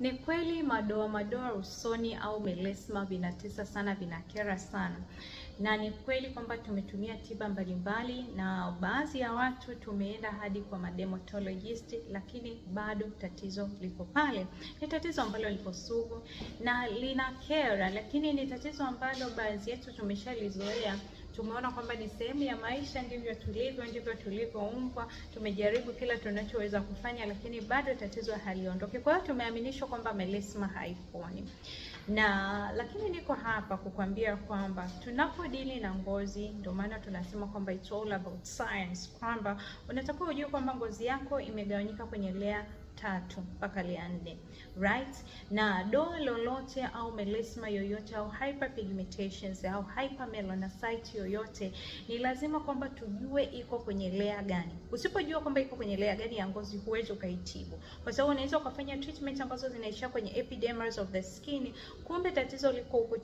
Ni kweli madoa madoa usoni au melasma vinatesa sana, vinakera sana, na ni kweli kwamba tumetumia tiba mbalimbali na baadhi ya watu tumeenda hadi kwa madermatologist, lakini bado tatizo liko pale. Ni tatizo ambalo liko sugu na linakera, lakini ni tatizo ambalo baadhi yetu tumeshalizoea Tumeona kwamba ni sehemu ya maisha, ndivyo tulivyo, ndivyo tulivyoumbwa. Tumejaribu kila tunachoweza kufanya, lakini bado tatizo haliondoki. Kwa hiyo tumeaminishwa kwamba melisma haiponi na lakini niko hapa kukwambia kwamba tunapodili na ngozi, ndio maana tunasema kwamba it's all about science, kwamba unatakiwa ujue kwamba ngozi yako imegawanyika kwenye layer tatu mpaka lia nne right. Na doa lolote au melasma yoyote au hyperpigmentations au hypermelanocyte yoyote ni lazima kwamba tujue iko kwenye lea gani. Usipojua kwamba iko kwenye lea gani ya ngozi, huwezi ukaitibu, kwa sababu unaweza ukafanya treatment ambazo zinaishia kwenye epidermis of the skin, kumbe tatizo liko huko